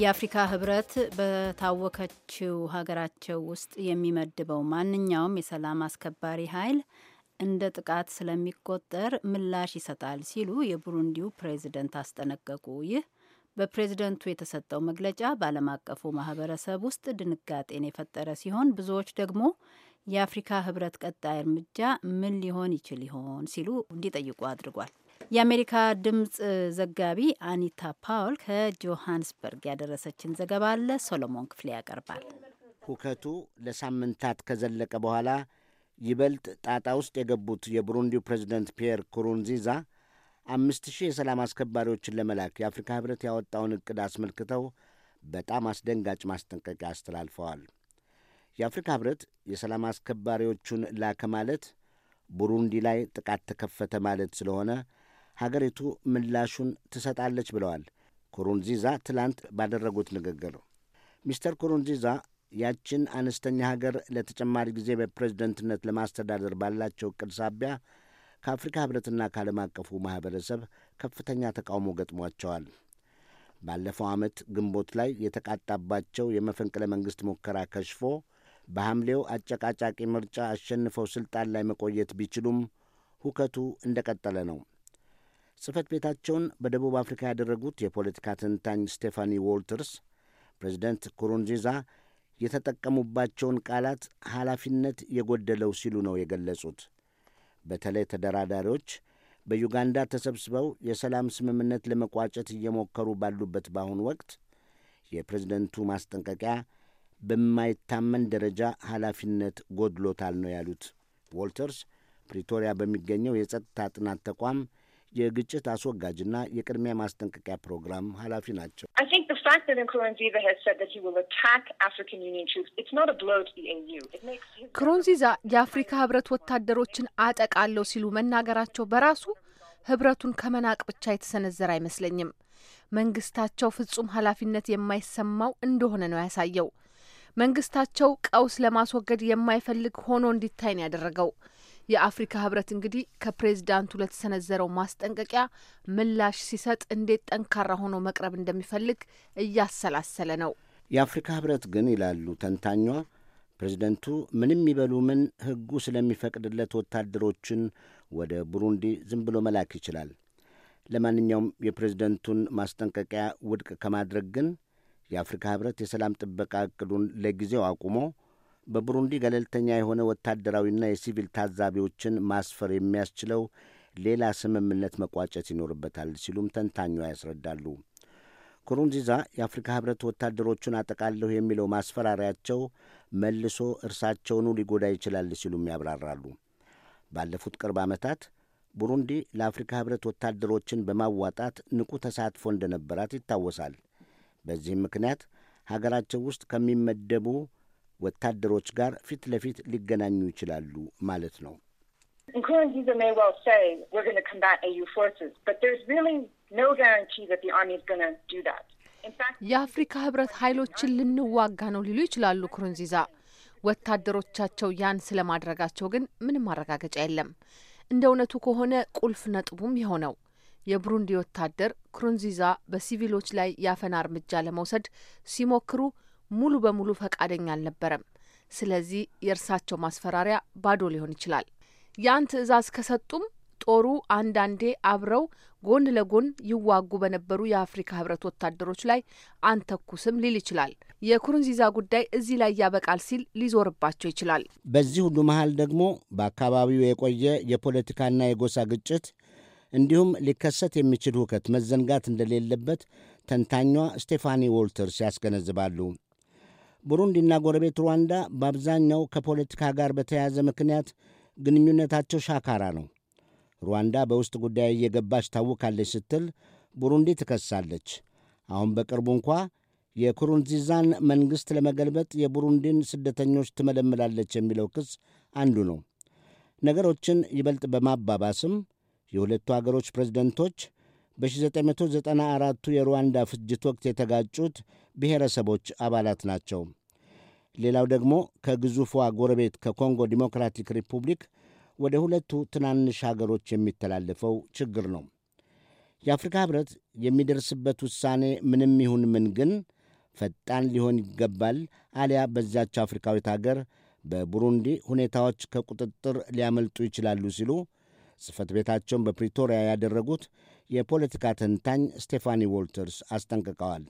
የአፍሪካ ህብረት በታወከችው ሀገራቸው ውስጥ የሚመድበው ማንኛውም የሰላም አስከባሪ ኃይል እንደ ጥቃት ስለሚቆጠር ምላሽ ይሰጣል ሲሉ የቡሩንዲው ፕሬዚደንት አስጠነቀቁ። ይህ በፕሬዝደንቱ የተሰጠው መግለጫ በዓለም አቀፉ ማህበረሰብ ውስጥ ድንጋጤን የፈጠረ ሲሆን ብዙዎች ደግሞ የአፍሪካ ህብረት ቀጣይ እርምጃ ምን ሊሆን ይችል ይሆን ሲሉ እንዲጠይቁ አድርጓል። የአሜሪካ ድምፅ ዘጋቢ አኒታ ፓውል ከጆሃንስበርግ ያደረሰችን ዘገባ አለ። ሶሎሞን ክፍሌ ያቀርባል። ሁከቱ ለሳምንታት ከዘለቀ በኋላ ይበልጥ ጣጣ ውስጥ የገቡት የቡሩንዲው ፕሬዚደንት ፒየር ኩሩንዚዛ አምስት ሺህ የሰላም አስከባሪዎችን ለመላክ የአፍሪካ ህብረት ያወጣውን እቅድ አስመልክተው በጣም አስደንጋጭ ማስጠንቀቂያ አስተላልፈዋል። የአፍሪካ ህብረት የሰላም አስከባሪዎቹን ላከ ማለት ቡሩንዲ ላይ ጥቃት ተከፈተ ማለት ስለሆነ ሀገሪቱ ምላሹን ትሰጣለች ብለዋል ኩሩንዚዛ ትላንት ባደረጉት ንግግር። ሚስተር ኩሩንዚዛ ያችን አነስተኛ ሀገር ለተጨማሪ ጊዜ በፕሬዝደንትነት ለማስተዳደር ባላቸው እቅድ ሳቢያ ከአፍሪካ ህብረትና ከዓለም አቀፉ ማኅበረሰብ ከፍተኛ ተቃውሞ ገጥሟቸዋል። ባለፈው ዓመት ግንቦት ላይ የተቃጣባቸው የመፈንቅለ መንግሥት ሙከራ ከሽፎ በሐምሌው አጨቃጫቂ ምርጫ አሸንፈው ሥልጣን ላይ መቆየት ቢችሉም ሁከቱ እንደቀጠለ ነው። ጽህፈት ቤታቸውን በደቡብ አፍሪካ ያደረጉት የፖለቲካ ተንታኝ ስቴፋኒ ዎልተርስ ፕሬዚደንት ኩሩንዚዛ የተጠቀሙባቸውን ቃላት ኃላፊነት የጎደለው ሲሉ ነው የገለጹት። በተለይ ተደራዳሪዎች በዩጋንዳ ተሰብስበው የሰላም ስምምነት ለመቋጨት እየሞከሩ ባሉበት በአሁኑ ወቅት የፕሬዝደንቱ ማስጠንቀቂያ በማይታመን ደረጃ ኃላፊነት ጎድሎታል ነው ያሉት ዎልተርስ ፕሪቶሪያ በሚገኘው የጸጥታ ጥናት ተቋም የግጭት አስወጋጅና የቅድሚያ ማስጠንቀቂያ ፕሮግራም ኃላፊ ናቸው። ክሮንዚዛ e የአፍሪካ ህብረት ወታደሮችን አጠቃለሁ ሲሉ መናገራቸው በራሱ ህብረቱን ከመናቅ ብቻ የተሰነዘረ አይመስለኝም። መንግስታቸው ፍጹም ኃላፊነት የማይሰማው እንደሆነ ነው ያሳየው። መንግስታቸው ቀውስ ለማስወገድ የማይፈልግ ሆኖ እንዲታይ ነው ያደረገው። የአፍሪካ ህብረት እንግዲህ ከፕሬዚዳንቱ ለተሰነዘረው ማስጠንቀቂያ ምላሽ ሲሰጥ እንዴት ጠንካራ ሆኖ መቅረብ እንደሚፈልግ እያሰላሰለ ነው። የአፍሪካ ህብረት ግን ይላሉ ተንታኟ፣ ፕሬዚደንቱ ምንም ይበሉ ምን ህጉ ስለሚፈቅድለት ወታደሮችን ወደ ቡሩንዲ ዝም ብሎ መላክ ይችላል። ለማንኛውም የፕሬዝደንቱን ማስጠንቀቂያ ውድቅ ከማድረግ ግን የአፍሪካ ህብረት የሰላም ጥበቃ እቅዱን ለጊዜው አቁሞ በቡሩንዲ ገለልተኛ የሆነ ወታደራዊና የሲቪል ታዛቢዎችን ማስፈር የሚያስችለው ሌላ ስምምነት መቋጨት ይኖርበታል ሲሉም ተንታኟ ያስረዳሉ። ኩሩንዚዛ የአፍሪካ ህብረት ወታደሮቹን አጠቃለሁ የሚለው ማስፈራሪያቸው መልሶ እርሳቸውኑ ሊጎዳ ይችላል ሲሉም ያብራራሉ። ባለፉት ቅርብ ዓመታት ቡሩንዲ ለአፍሪካ ህብረት ወታደሮችን በማዋጣት ንቁ ተሳትፎ እንደነበራት ይታወሳል። በዚህም ምክንያት ሀገራቸው ውስጥ ከሚመደቡ ወታደሮች ጋር ፊት ለፊት ሊገናኙ ይችላሉ ማለት ነው። የአፍሪካ ህብረት ኃይሎችን ልንዋጋ ነው ሊሉ ይችላሉ ኩሩንዚዛ። ወታደሮቻቸው ያን ስለማድረጋቸው ግን ምንም ማረጋገጫ የለም። እንደ እውነቱ ከሆነ ቁልፍ ነጥቡም የሆነው የብሩንዲ ወታደር ኩሩንዚዛ በሲቪሎች ላይ ያፈና እርምጃ ለመውሰድ ሲሞክሩ ሙሉ በሙሉ ፈቃደኛ አልነበረም። ስለዚህ የእርሳቸው ማስፈራሪያ ባዶ ሊሆን ይችላል። ያን ትዕዛዝ ከሰጡም ጦሩ አንዳንዴ አብረው ጎን ለጎን ይዋጉ በነበሩ የአፍሪካ ህብረት ወታደሮች ላይ አንተኩስም ሊል ይችላል። የኩሩንዚዛ ጉዳይ እዚህ ላይ ያበቃል ሲል ሊዞርባቸው ይችላል። በዚህ ሁሉ መሀል ደግሞ በአካባቢው የቆየ የፖለቲካና የጎሳ ግጭት እንዲሁም ሊከሰት የሚችል ሁከት መዘንጋት እንደሌለበት ተንታኟ ስቴፋኒ ዎልተርስ ያስገነዝባሉ። ቡሩንዲና ጎረቤት ሩዋንዳ በአብዛኛው ከፖለቲካ ጋር በተያያዘ ምክንያት ግንኙነታቸው ሻካራ ነው። ሩዋንዳ በውስጥ ጉዳይ እየገባች ታውካለች ስትል ቡሩንዲ ትከሳለች። አሁን በቅርቡ እንኳ የኩሩንዚዛን መንግሥት ለመገልበጥ የቡሩንዲን ስደተኞች ትመለምላለች የሚለው ክስ አንዱ ነው። ነገሮችን ይበልጥ በማባባስም የሁለቱ አገሮች ፕሬዝደንቶች በ1994ቱ የሩዋንዳ ፍጅት ወቅት የተጋጩት ብሔረሰቦች አባላት ናቸው። ሌላው ደግሞ ከግዙፏ ጎረቤት ከኮንጎ ዲሞክራቲክ ሪፑብሊክ ወደ ሁለቱ ትናንሽ ሀገሮች የሚተላለፈው ችግር ነው። የአፍሪካ ኅብረት የሚደርስበት ውሳኔ ምንም ይሁን ምን ግን ፈጣን ሊሆን ይገባል። አሊያ በዚያች አፍሪካዊት አገር በቡሩንዲ ሁኔታዎች ከቁጥጥር ሊያመልጡ ይችላሉ ሲሉ ጽሕፈት ቤታቸውን በፕሪቶሪያ ያደረጉት የፖለቲካ ተንታኝ ስቴፋኒ ዎልተርስ አስጠንቅቀዋል።